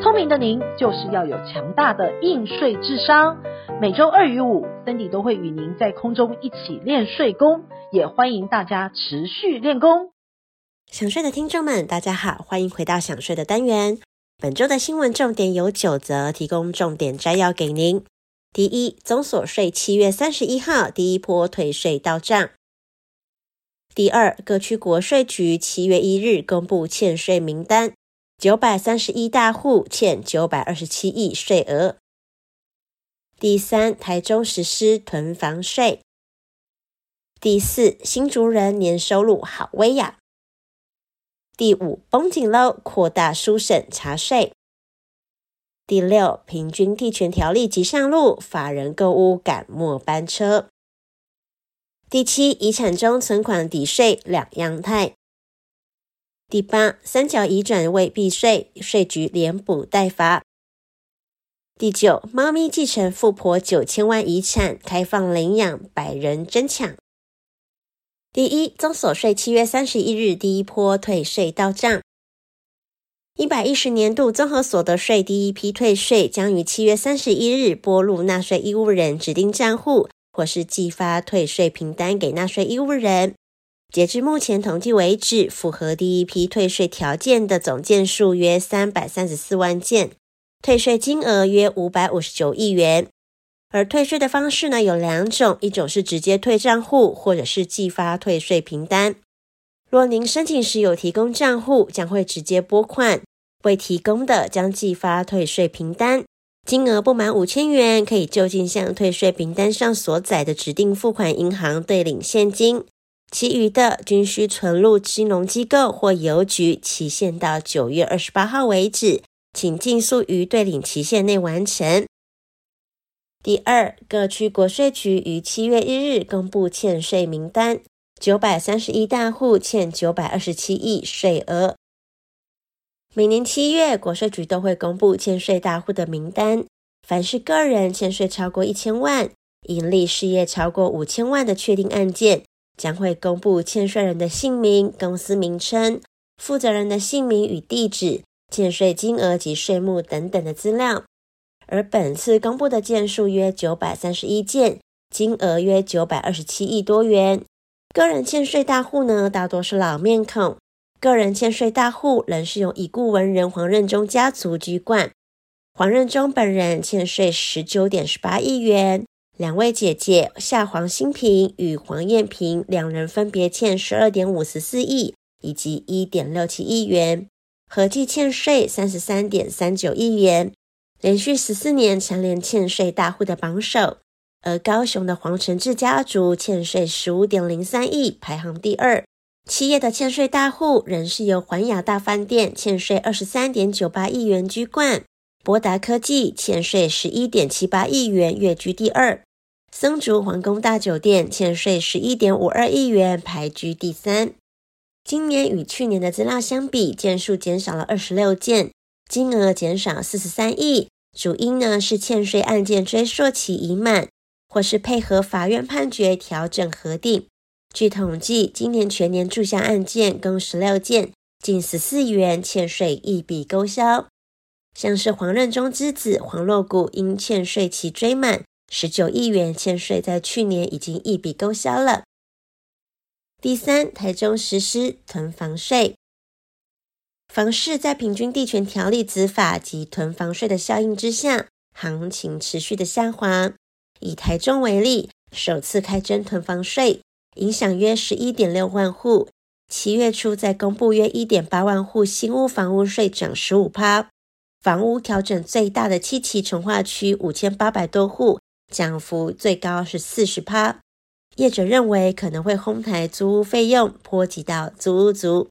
聰明的您，就是要有強大的應稅智商。每周二與五，Cindy 都會與您在空中一起練稅功，也歡迎大家持續練功。享稅的聽眾們，大家好，歡迎回到享稅的單元。本周的新聞重點有九則，提供重點摘要給您。第一，綜所稅七月三十一號第一波退稅到賬。第二，各區國稅局七月一日公布欠稅名單。九百三十一大戶欠九百二十七億稅額。第三，台中實施囤房稅。第四，新竹人年收入好威呀。第五，繃緊嘍，擴大書審查稅。第六，平均地權條例即上路，法人購屋趕末班車。第七，遺產中存款抵稅兩樣態。第八，三角移轉為避稅，稅局連補帶罰。第九，貓咪繼承富婆九千萬遺產，開放領養，百人爭搶。第一，綜所稅七月三十一日第一波退稅到賬，一百一十年度綜合所得稅第一批退稅將於七月三十一日撥入納稅義務人指定賬戶，或是寄發退稅憑單給納稅義務人。截至目前統計為止，符合第一批退稅條件的總件數約三百三十四萬件，退稅金額約五百五十九億元。而退稅的方式呢，有兩種，一種是直接退賬戶，或者是寄發退稅憑單。若您申請時有提供賬戶，將會直接撥款；未提供的將寄發退稅憑單。金額不滿五千元，可以就近向退稅憑單上所載的指定付款銀行兌領現金。其餘的均需存入金融機構或郵局，期限到九月二十八號為止，請盡速於兌領期限內完成。第二，各區國稅局於七月一日公布欠稅名單，九百三十一大戶欠九百二十七億稅額。每年七月，國稅局都會公布欠稅大戶的名單，凡是個人欠稅超過一千萬、盈利事業超過五千萬的確定案件。將會公布欠稅人的姓名，公司名稱、負責人的姓名與地址，欠稅金額及稅目等等的資料。而本次公布的件數約九百三十一件，金額約九百二十七億多元。個人欠稅大戶呢，大多是老面孔。個人欠稅大戶仍是由已故文人黃任中家族居冠，黃任中本人欠稅十九點十八億元。兩位姐姐夏黃新平與黃燕平兩人分別欠十二點五十四億以及一點六七億元，合計欠稅三十三點三九億元，連續十四年蟬聯欠稅大戶的榜首。而高雄的黃承志家族欠稅十五點零三億，排行第二。企業的欠稅大戶仍是由環亞大飯店欠稅二十三點九八億元居冠，博達科技欠稅十一點七八億元躍居第二。松竹皇宮大酒店欠稅十一點五二億元，排居第三。今年與去年的資料相比，件數減少了二十六件，金額減少四十三億。主因呢是欠稅案件追溯期已滿，或是配合法院判決調整核定。據統計，今年全年注銷案件共十六件，近十四億元欠稅一筆勾銷。像是黃任中之子黃若谷因欠稅期追滿。十九億元欠稅在去年已經一筆勾銷了。第三，台中實施囤房稅，房市在平均地權條例執法及囤房稅的效應之下，行情持續的下滑。以台中為例，首次開徵囤房稅，影響約十一點六萬戶。七月初再公布約一點八萬戶新屋房屋稅漲十五趴，房屋調整最大的七期重劃區五千八百多戶。降幅最高是四十趴，業者認為可能會哄抬租屋費用，波及到租屋族。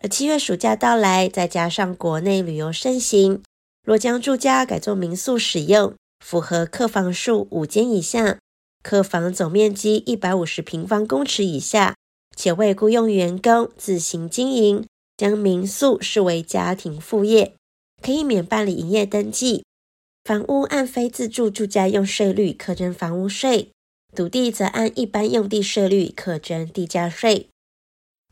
而七月暑假到來，再加上國內旅遊盛行，若將住家改做民宿使用，符合客房數五間以下、客房總面積一百五十平方公尺以下，且未僱用員工、自行經營，將民宿視為家庭副業，可以免辦理營業登記。房屋按非自住住家用稅率課徵房屋稅，土地則按一般用地稅率課徵地價稅。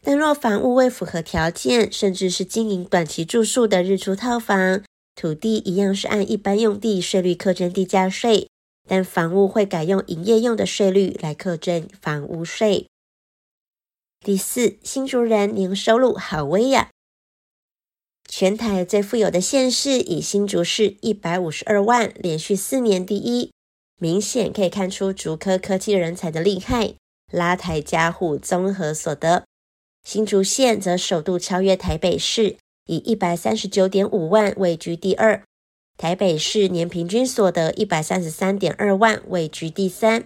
但若房屋未符合條件，甚至是經營短期住宿的日租套房，土地一樣是按一般用地稅率課徵地價稅，但房屋會改用營業用的稅率來課徵房屋稅。第四，新竹人年收入好威呀、啊。全台最富有的縣市以新竹市一百五十二萬，連續四年第一，明顯可以看出竹科科技人才的厲害，拉抬家戶綜合所得，新竹縣則首度超越台北市，以一百三十九點五萬位居第二。台北市年平均所得一百三十三點二萬位居第三。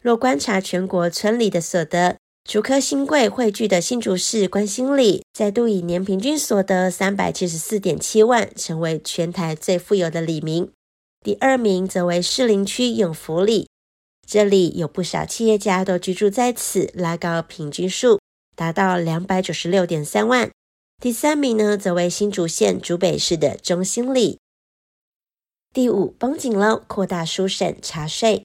若觀察全國村裡的所得。竹科新貴匯聚的新竹市關新里，再度以年平均所得三百七十四點七萬，成為全台最富有的里民。第二名則為士林區永福里，這裡有不少企業家都居住在此，拉高平均數，達到兩百九十六點三萬。第三名呢，則為新竹縣竹北市的中心里。第五，繃緊囉！擴大書審查稅。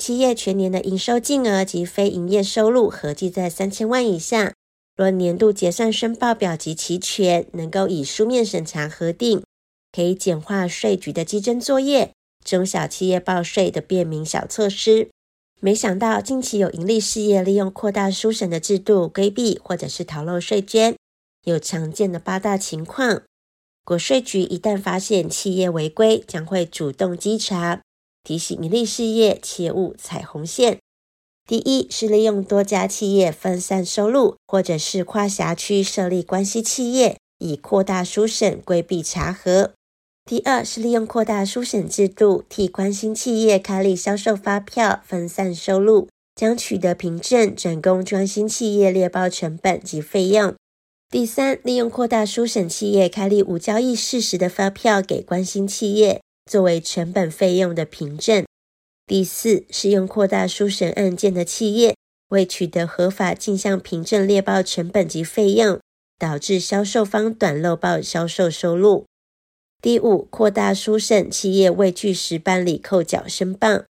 企業全年的營收淨額及非營業收入合計在三千萬以下，若年度結算申報表及齊全，能夠以書面審查核定，可以簡化稅局的稽徵作業，中小企業報稅的便民小措施。沒想到近期有盈利事業利用擴大書審的制度規避或者是逃漏稅捐，有常見的八大情況。國稅局一旦發現企業違規，將會主動稽查。提醒營利事業切勿踩紅線。第一是利用多家企業分散收入，或者是跨轄區設立關係企業，以擴大書審規避查核。第二是利用擴大書審制度，替關係企業開立銷售發票分散收入，將取得憑證轉供關係企業列報成本及費用。第三，利用擴大書審企業開立無交易事實的發票給關係企業。作為成本費用的憑證。第四，適用擴大書審案件的企業未取得合法進項憑證列報成本及費用，導致銷售方短漏報銷售收入。第五，擴大書審企業未據實辦理扣繳申報。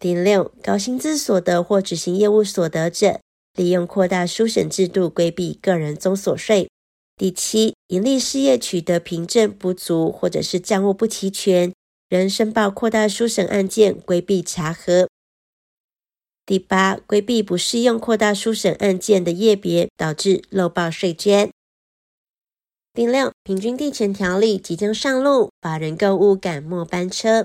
第六，高薪資所得或執行業務所得者，利用擴大書審制度規避個人綜所稅。第七，營利事業取得憑證不足或者是賬務不齊全。人申報擴大書審案件，規避查核；第八，規避不適用擴大書審案件的業別，導致漏報稅捐。第六，平均地權條例即將上路，法人購房趕末班車。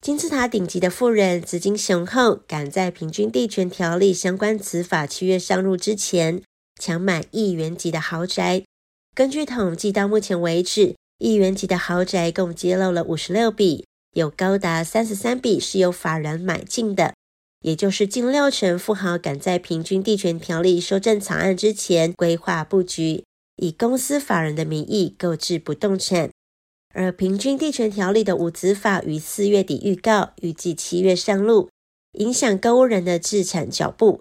金字塔頂級的富人資金雄厚，趕在平均地權條例相關此法七月上路之前，搶滿億元級的豪宅。根據統計，到目前為止。億元級的豪宅共揭露了五十六筆，有高達三十三筆是由法人買進的，也就是近六成富豪趕在平均地權條例修正草案之前規劃布局，以公司法人的名義購置不動產。而平均地權條例的五子法於四月底預告，預計七月上路，影響購屋人的置產腳步。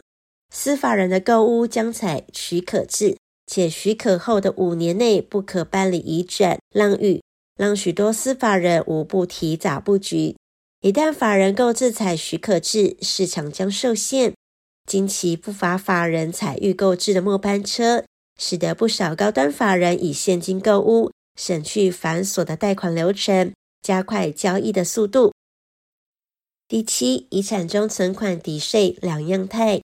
司法人的購屋將採許可制。且許可後的五年內不可辦理移轉讓與，讓許多司法人無不提早佈局。一旦法人購置採許可制，市場將受限。近期不乏法人採預購制的末班車，使得不少高端法人以現金購屋，省去繁瑣的貸款流程，加快交易的速度。第七，遺產中存款抵稅兩樣態。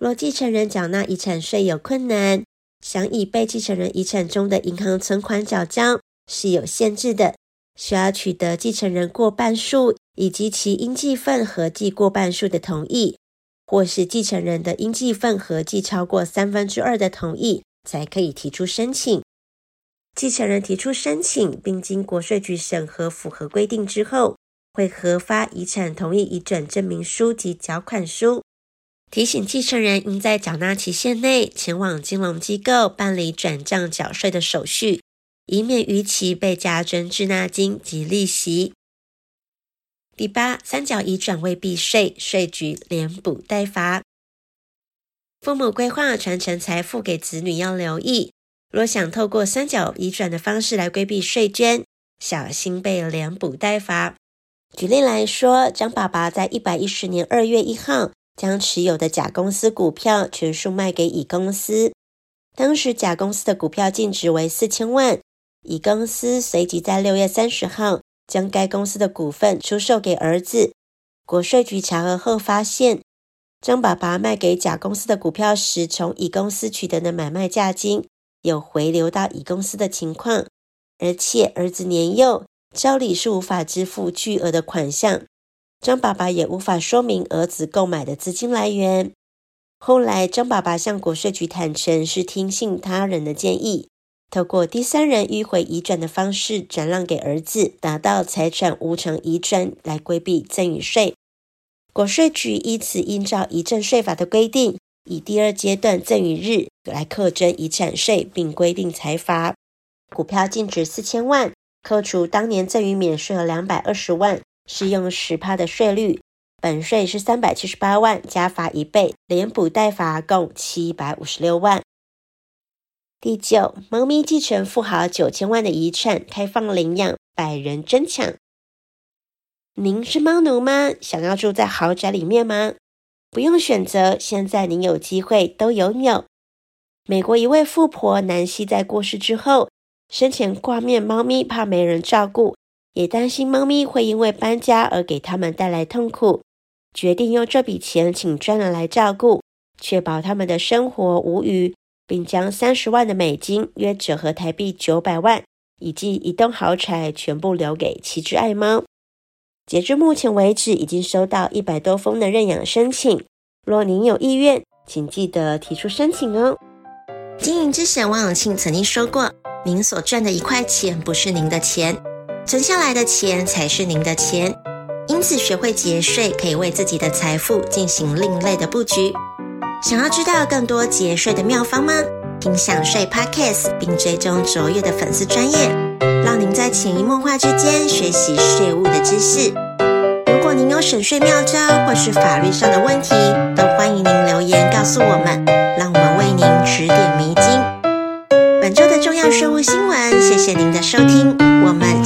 若繼承人繳納遺產稅有困難，想以被繼承人遺產中的銀行存款繳交是有限制的，需要取得繼承人過半數以及其應繼份合計過半數的同意，或是繼承人的應繼份合計超過三分之二的同意，才可以提出申請。繼承人提出申請，並經國稅局審核符合規定之後，會核發遺產同意移轉證明書及繳款書。提醒繼承人應在繳納期限內前往金融機構辦理轉賬繳，繳稅的手續，以免逾期被加徵滯納金及利息。第八，三角移轉為避稅稅局連補帶罰。父母規劃傳承財富給子女要留意，若想透過三角移轉的方式來規避稅捐，小心被連補帶罰。舉例來說，張爸爸在一百一十年二月一號。將持有的甲公司股票全數賣給乙公司，當時甲公司的股票淨值為四千萬。乙公司隨即在六月三十號將該公司的股份出售給兒子。國稅局查核後發現，張爸爸賣給甲公司的股票時，從乙公司取得的買賣價金有回流到乙公司的情況，而且兒子年幼，照理是無法支付巨額的款項。張爸爸也無法說明兒子購買的資金來源。後來，張爸爸向國稅局坦承是聽信他人的建議，透過第三人迂回移轉的方式轉讓給兒子，達到財產無償移轉來規避贈與稅。國稅局依此依照《遺贈稅法》的規定，以第二階段贈與日來課徵遺產稅，並規定財閥股票淨值四千萬，扣除當年贈與免稅額兩百二十萬。適用十趴的稅率，本稅是三百七十八萬，加罰一倍，連補帶罰共七百五十六萬。第九，貓咪繼承富豪九千萬的遺產，開放領養，百人爭搶。您是貓奴嗎？想要住在豪宅裡面嗎？不用選擇，現在您有機會都有，有。有美國一位富婆南希在過世之後，生前掛念貓咪怕沒人照顧。也擔心貓咪會因為搬家而給它們帶來痛苦，決定用這筆錢請專人來照顧，確保它們的生活無虞，並將三十萬的美金（約折合台幣九百萬）以及一棟豪宅全部留給七只愛貓。截至目前為止，已經收到一百多封的認養申請。若您有意願，請記得提出申請哦。經營之神王永慶曾經說過：“您所賺的一塊錢不是您的錢。”存下來的錢才是您的錢，因此學會節稅可以為自己的財富進行另類的布局。想要知道更多節稅的妙方嗎？聽《享稅 Podcast》並追蹤卓越的粉絲專業，讓您在潛移默化之間學習稅務的知識。如果您有省稅妙招或是法律上的問題，都歡迎您留言告訴我們，讓我們為您指點迷津。本週的重要稅務新聞，謝謝您的收聽，我們。